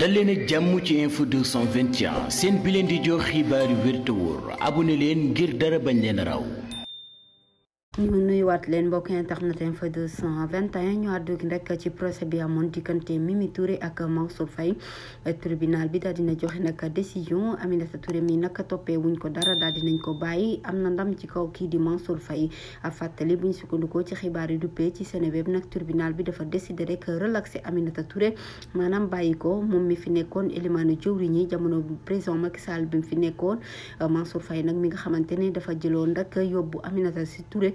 dal leen ak jàmm ci info 221 seen bi leen di jox xibaar yu wér te abu abonné leen ngir dara bañ leen raw ñu nuyuwaat leen mbokk internet info 221 ñu àddu rek ci procès bi amoon diggante Mimi Touré ak Mansour fay tribunal bi daal dina joxe nag décision Aminata Touré mi nag toppee wuñ ko dara daal dinañ ko bàyyi am na ndam ci kaw kii di Mansour Faye fàttali buñ sukkandikoo ci xibaar yi duppee ci Seneweb nag tribunal bi dafa décider rek relaxer Aminata Touré maanaam bàyyi ko moom mi fi nekkoon élimaanu jëwriñ yi jamono président Macky Sall bi mu fi nekkoon Mansour Faye nag mi nga xamante ne dafa jëloon rek yóbbu Aminata si Touré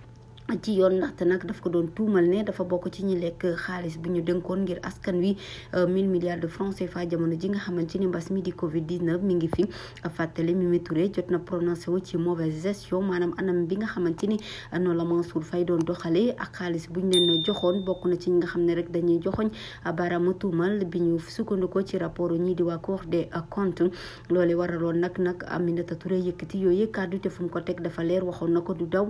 ci yoon ndaxte nag daf ko doon tuumal ne dafa bokk ci ñi lekk xaalis bi ñu dénkoon ngir askan wi 1000 euh, milliards de francs CFA jamono ji nga xamante ni mbas mi di Covid 19 mi ngi fi fàttali Mimi Touré jot na prononcé wu ci mauvaise gestion maanaam anam bi nga xamante ni noonu la Mansour Faye doon doxalee ak xaalis bu ñu leen joxoon bokk na ci ñi nga xam ne rek dañuy joxoñ baaraamu tuumal bi ñu sukkandikoo ci rapport ñii di waa Cour des comptes loolee waraloon nag nag Aminata Touré yëkkati yooyu kàddu te fu mu ko teg dafa leer waxoon na ko du daw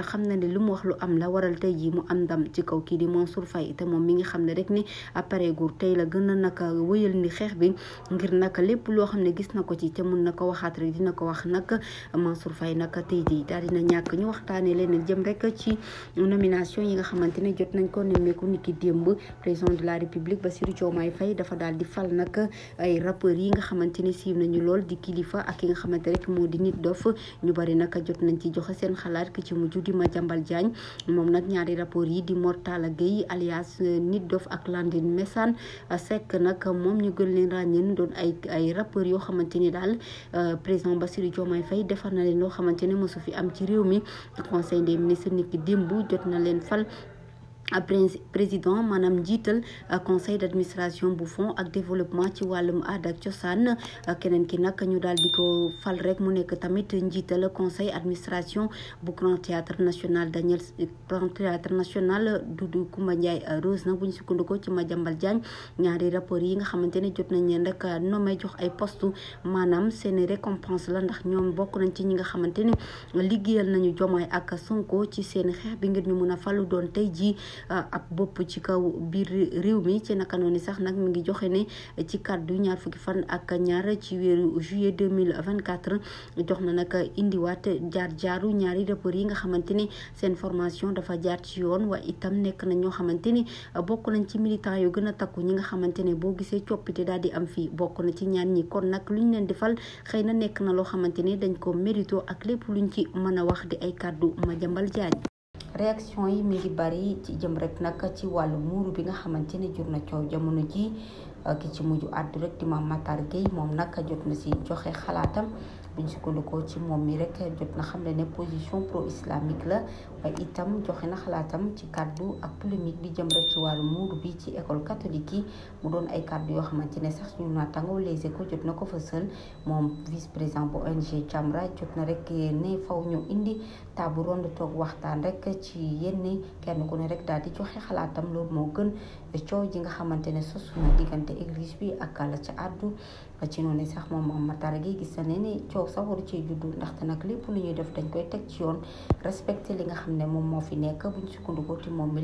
ndax xam na ne li mu wax lu am la waral tey jii mu am ndam ci kaw kii di Mansour Faye te moom mi ngi xam ne rek ni pareegul tey la gën a naka wëyal ni xeex naka lépp loo xam ne gis na ko ci te mun na ko waxaat rek dina ko wax nag Mansour Faye naka tey jii daal dina ñàkk ñu waxtaanee leneen jëm rek ci nomination yi nga xamante ne jot nañ ko nemmeeku ni ki démb président de la république Bassirou Diomaye Faye dafa daal di fal nag ay rappeurs yi nga xamante ne siiw nañu lool di kilifa ak ki nga xamante rek moo di nit dof ñu bari naka jot ma Madiambal Diagne moom nag ñaari rapport yi di Mortala Gueye alias euh, Nit Dof ak Landine Messane euh, Seck nag moom ñu gën leen ràññee ñu doon ay ay rappeurs yoo xamante ni daal euh, président Bassirou Diomaye Faye defar na leen loo xamante mosu fi am ci réew mi conseil des ministres niki démb jot na leen fal président maanaam njiital euh, conseil d' administration bu fonds ak développement ci wàllum aada ak cosaan euh, keneen ki nag ñu daal di ko fal rek mu nekk tamit njiital conseil administration bu grand théâtre national Daniel grand théâtre national du Coumba Ndiaye euh, Rose na bu ñu sukkandikoo ci jambal Diagne ñaari rapport yi nga xamante ne jot nañ leen rek may jox ay postu maanaam seeni récompense la ndax ñoom bokk nañ ci ñi nga xamante ne liggéeyal nañu Diomaye ak Sonko ci seen xeex bi ngir ñu mun a falu doon tey jii Euh, ab bopp ci kaw biir réew mi ci naka noonu sax nag mu ngi joxe ne ci kaddu ñaar fukki fan ak ñaar ci weeru juillet 2024 jox na nag indiwaat jaar jaaru ñaari rappeurs yi nga xamante ni seen formation dafa jaar ci yoon waaye itam nekk na ñoo xamante ni bokk nañ ci militant yu gën a takku ñi nga xamante ne boo gisee coppite daal di am fii bokk na ci ñaan ñi kon nag ñu leen defal xëy na nekk na loo xamante ni dañ ko mérito ak lépp lu ñu ci mën a wax di ay kaddu kàddu Madiambal Diagne réaction yi mi ngi bari ci jëm rek nag ci wàllu muuru bi nga xamante ne jur na coow jamono jii Euh, ki ci mujju àddu rek di Mame Matar Gueye moom nag jot na si joxe xalaatam buñ sukkandikoo ci moom mii rek jot na xam ne ne position pro islamique la waaye itam joxe na xalaatam ci kàddu ak polémique bi jëm ci wàllu muur bi ci école catholique yi mu doon ay kàddu yoo xamante ne sax suñu naataango Les Échos jot na ko fa fësal moom vice président bu ONG Jamra jot na rek ne faw ñu indi table ronde toog waxtaan rek ci yenn kenn ku ne rek daal di joxe xalaatam loolu moo gën coow ji nga xamante ne sos na diggante eglise église bi ak la ca àddu ci noonu sax moom Mame Matar Gueye gis na ne ni coow sawaru waru ci juddu ndaxte nag lépp lu ñuy def dañ koy teg ci yoon respecté li nga xam ne moom moo fi nekk buñ sukkandikoo ci moom mi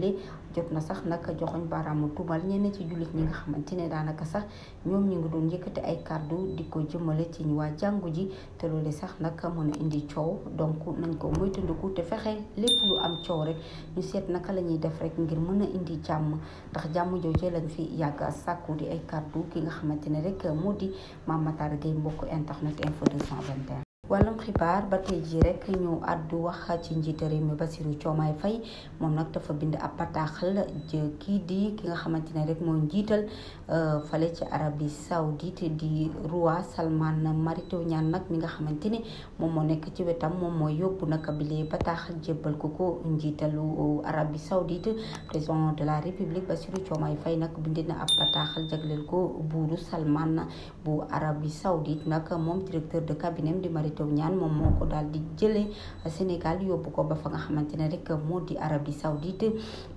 jot na sax nag joxoñ baaraamu tuumal ñenn ci jullit ñi nga xamante ne daanaka sax ñoom ñu ngi doon yëkkati ay kàddu di ko jëmale ci ñu waa jàngu ji te loolu sax nag mën indi coow donc nañ ko moytandiku te fexe lépp lu am coow rek ñu seet naka la ñuy def rek ngir mën a indi jàmm ndax jàmm jooju lañ fi yàgg sàkku di ay kàddu ki nga xamante ne rek moo di Mame Matar Gueye mbokk internet info 221 wàllum xibaar ba tey jii rek ñu àddu wax ci njiité réew mi Bassirou Diomaye fay moom nag dafa bind ab bataaxal kii di ki nga xamante ne rek mooy njiital euh, fale ci Arabie Saoudite di roi Salman marito ñaan nag mi nga xamante ne moom moo nekk ci wetam moom mooy yóbbu nag bilee bataaxal jébbal ko ko njiitalu euh, Arabie Saoudite président de la République Bassirou Diomaye fay nag bind na ab bataaxal jagleel ko buuru Salman bu Arabie Saoudite nag moom directeur de cabinet di mari Diop Niane moom moo ko daal di jëlee Sénégal yóbbu ko ba fa nga xamante ne rek moo di arab Arabie Saoudite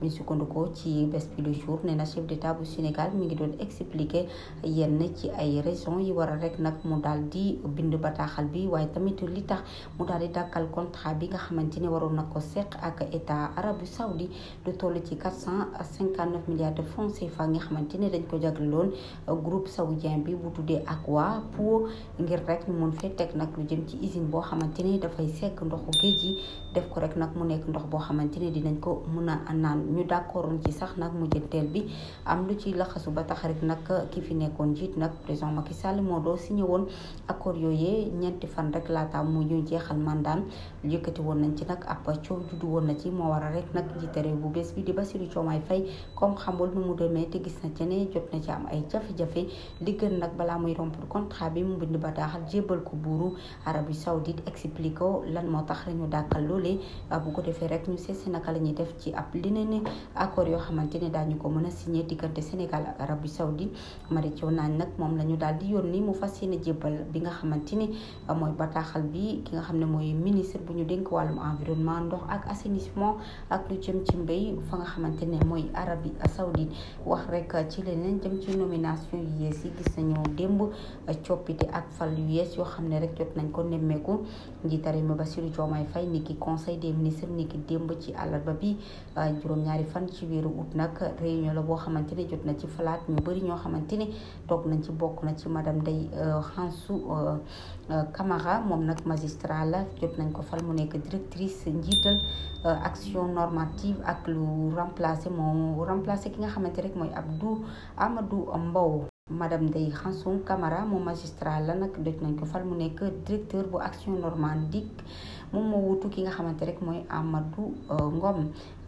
mi sukkandikoo ci bés bi le jour ne na chef d'état bu Sénégal mi ngi doon expliquer yenn ci ay raisons yi waral rek nag mu daal di bind bataaxal bi waaye tamit li tax mu dal di dàkkal contrat bi nga xamante ne waroon nag ko seq ak état Arabie Saoudite lu toll ci quatre cent cinquante neuf milliards de francs CFA nga xamante ne dañ ko jagleloon groupe saoudien bi bu tuddee Aqua pour ngir ci usine boo xamante ni dafay sekk ndoxu géej gi def ko rek nag mu nekk ndox boo xamante ni dinañ ko mun a naan ñu d'accordoon ci sax nag mu mujjanteel bi am lu ci laxasu ba tax rek nag ki fi nekkoon jiit nag président Macky Sall moo doo signé woon accord yooyee ñeenti fan rek laata mu ñu jeexal mandaam yëkkati woon nañ ci nag ab coow juddu woon na ci moo war a rek nag jiite réew bu bees bi di Bassirou Diomaye Faye comme xamul nu mu demee te gis na ci ne jot na ci am ay jafe-jafe li gën nag balaa muy rompre contrat bi mu bind ba daaxal jébbal ko buu bi saoudite expliqué lan moo tax la ñu dàkkal loolee bu ko defee rek ñu seet ci ab leneen accord yoo xamante ne daañu ko mën a signé diggante Sénégal ak Arabie saoudite Mary Teuw Niane moom la ñu daal di yónni mu fas yéene jébbal bi nga xamante ne mooy bataaxal bi ki nga xam ne mooy ministre bu ñu dénk wàllum environnement ndox ak assainissement ak lu jëm ci mbéy fa nga xamante ne mooy Arabie saoudite wax rek ci leneen jëm ci nomination yu yees yi gis nañu démb coppite ak fal yu yees yoo xam ne rek jot nañ ko nemmeeku njiitu réew mi Bassirou Diomaye fay ni ki conseil des ministres ni ki démb ci àllarba bi juróom-ñaari fan ci weeru août nag réunion la boo xamante ne jot na ci falaat ñu bëri ñoo xamante ne toog nañ ci bokk na ci madame Ndeye Xansu euh, euh, euh, Camara moom nag magistrat la jot nañ ko fal mu nekk directrice njiital action normative ak lu remplacé moom remplacé ki nga xamante rek mooy Abdou Amadou Mbow madame de Khanshoum Camara moom magistrat la nag doj nañ ko fan mu nekk directeur bu Action Normandie moom moo wutu ki nga xamante rek mooy Amadou euh, Ngom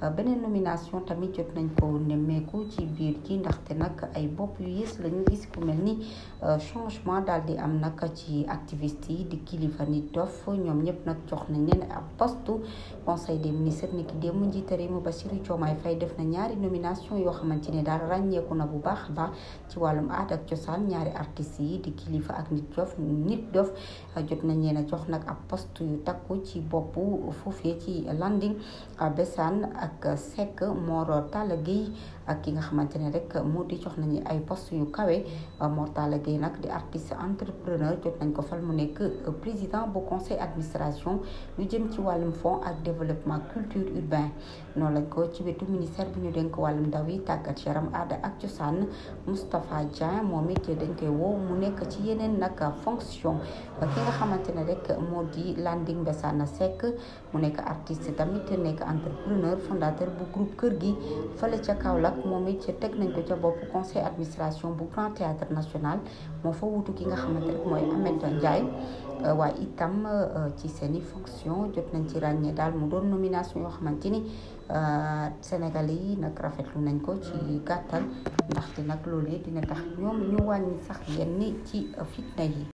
beneen nomination tamit jot nañ ko nemmeeku ci biir gi ndaxte nag ay bopp yu yées lañu gis ku mel ni euh, changement daal di am nag ci activiste yi di kilifa nit dof ñoom ñëpp nag jox nañ leen ab poste conseil des ministres ni ki démb njiite réew mi Bassirou Diomaye Faye def na ñaari nomination yoo xamante ne daal ràññeeku na bu baax a ci wàllum aada ak cosaan ñaari artistes yi di kilifa ak nit dof nit dof euh, jot nañ leen a jox nag ab poste yu takku ci boppu foofee ci landing besaan ak Seck Mor Talla Gueye ak ki nga xamante ne rek moo di jox nañu ay poste yu kawe Mor Talla Gueye nag di artiste entrepreneur jot nañ ko fal mu nekk président bu conseil administration lu jëm ci wàllum fonds ak développement culture urbain noonu lañ ko ci wetu ministère bi ñu dénk wàllum ndaw yi tàggat yaram aada ak cosaan Moustapha Dieng moom it dañ koy woo mu nekk ci yeneen nag fonction ki nga xamante ne rek moo di Landing Mbessane Seck mu nekk artiste cofondateur bu groupe kër gi fale ca Kaolack moom it ca teg nañ ko ca bopp conseil administration bu Grand Théâtre National moo fa wutu ki nga xamante rek mooy Ameth Ndiaye euh, waaye itam euh, ci seen i fonction jot nañ ci ràññee daal mu doon nomination yoo xamante ni euh, Sénégalais yi nag rafetlu nañ ko ci gàttal ndaxte nag loolee dina tax ñoom ñu wàññi sax yenn ci fitna yi